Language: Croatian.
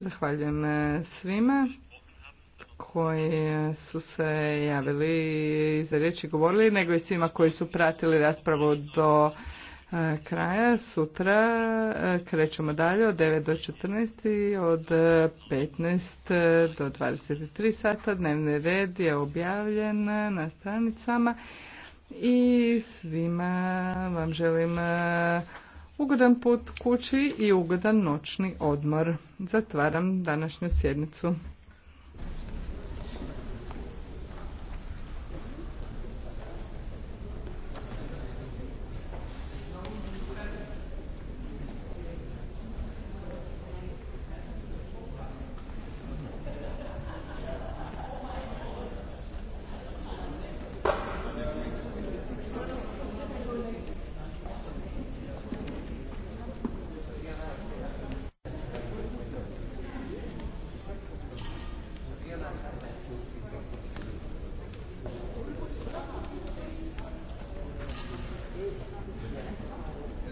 Zahvaljujem e, svima koji su se javili za riječ govorili, nego i svima koji su pratili raspravu do e, kraja. Sutra e, krećemo dalje od 9 do 14 od 15 do 23 sata. Dnevni red je objavljen na stranicama i svima vam želim Ugodan put kući i ugodan noćni odmor. Zatvaram današnju sjednicu.